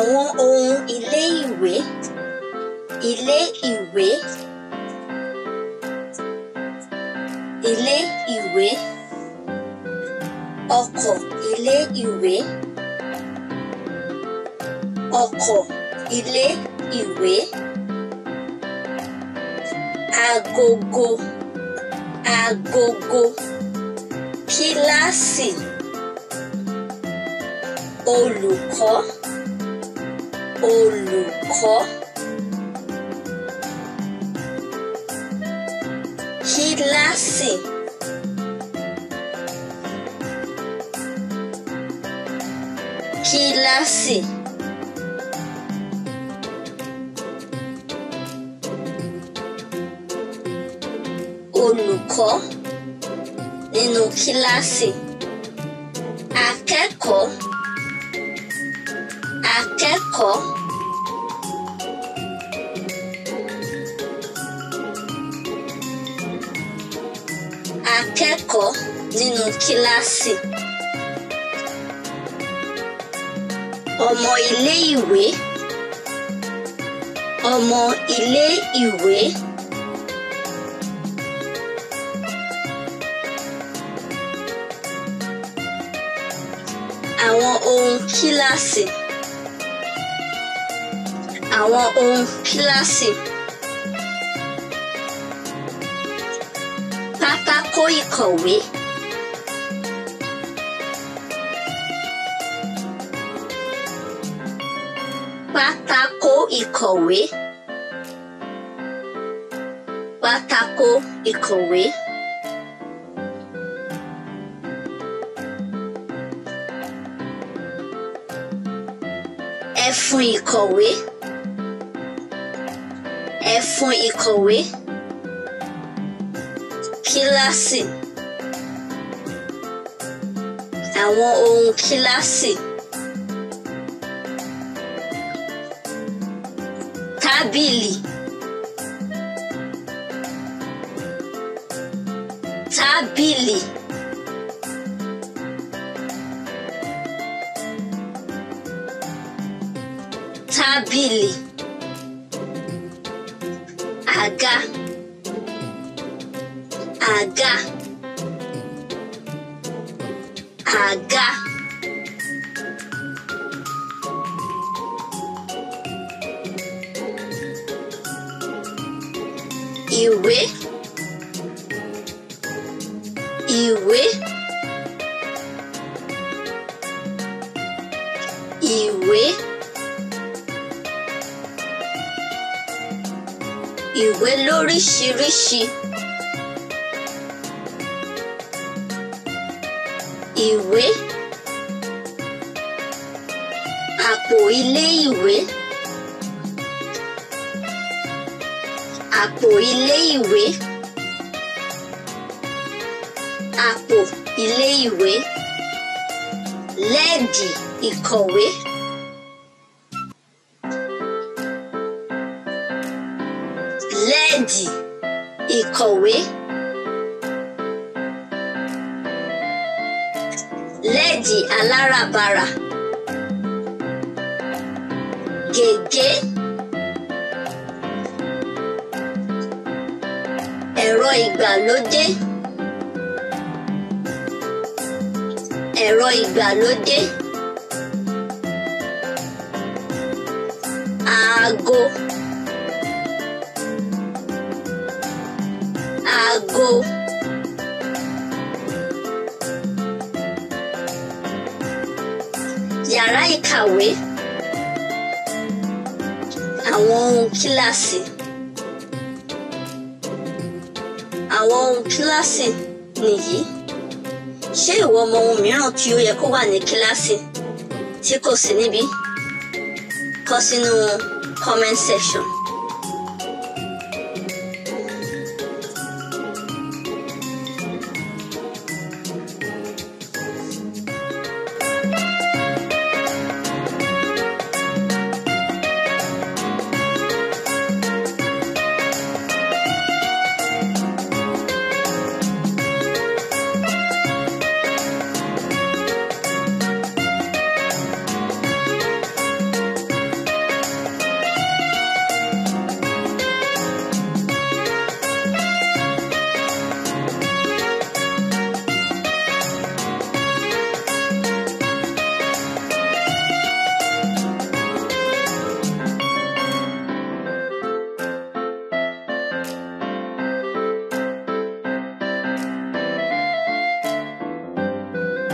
àwọn ohun ilé ìwé ilé ìwé ilé ìwé ọkọ̀ ilé ìwé ọkọ̀ ilé ìwé agogo agogo kíláàsì olùkọ́. Olùkọ́ kíláàsì kíláàsì olùkọ́ nínú kíláàsì akẹ́kọ̀ọ́ akẹ́kọ̀ọ́. akẹ́kọ̀ọ́ nínú kíláàsì. ọmọ ilé ìwé. ọmọ ilé ìwé. àwọn ohun kíláàsì àwọn ohun kíláàsì. Pátákó ìkọ̀wé. Pátákó ìkọ̀wé. Pátákó ìkọ̀wé. Ẹfun ìkọ̀wé ẹfun ìkọ̀wé kíláàsì àwọn ohun kíláàsì tábìlì tábìlì tabili. aga aga aga ìwé ìwé. ìwé lóríṣiríṣi. Ìwé àpò ilé-ìwé àpò ilé-ìwé àpò ilé-ìwé lẹ́ẹ̀dì ìkọ̀wé. Èkejì ìkọ̀wé. Lẹ́ẹ̀dì aláràbarà. Gègé. Ẹ̀rọ ìgbàlódé. Ẹ̀rọ ìgbàlódé. Aago. ògo. yàrá ìkàwé àwọn ohun kíláàsì àwọn ohun kíláàsì nìyí ṣé ìwọ mọ ohun mìíràn tí ó yẹ kó wà ní kíláàsì tí kò sí níbí kọ sínú comment section.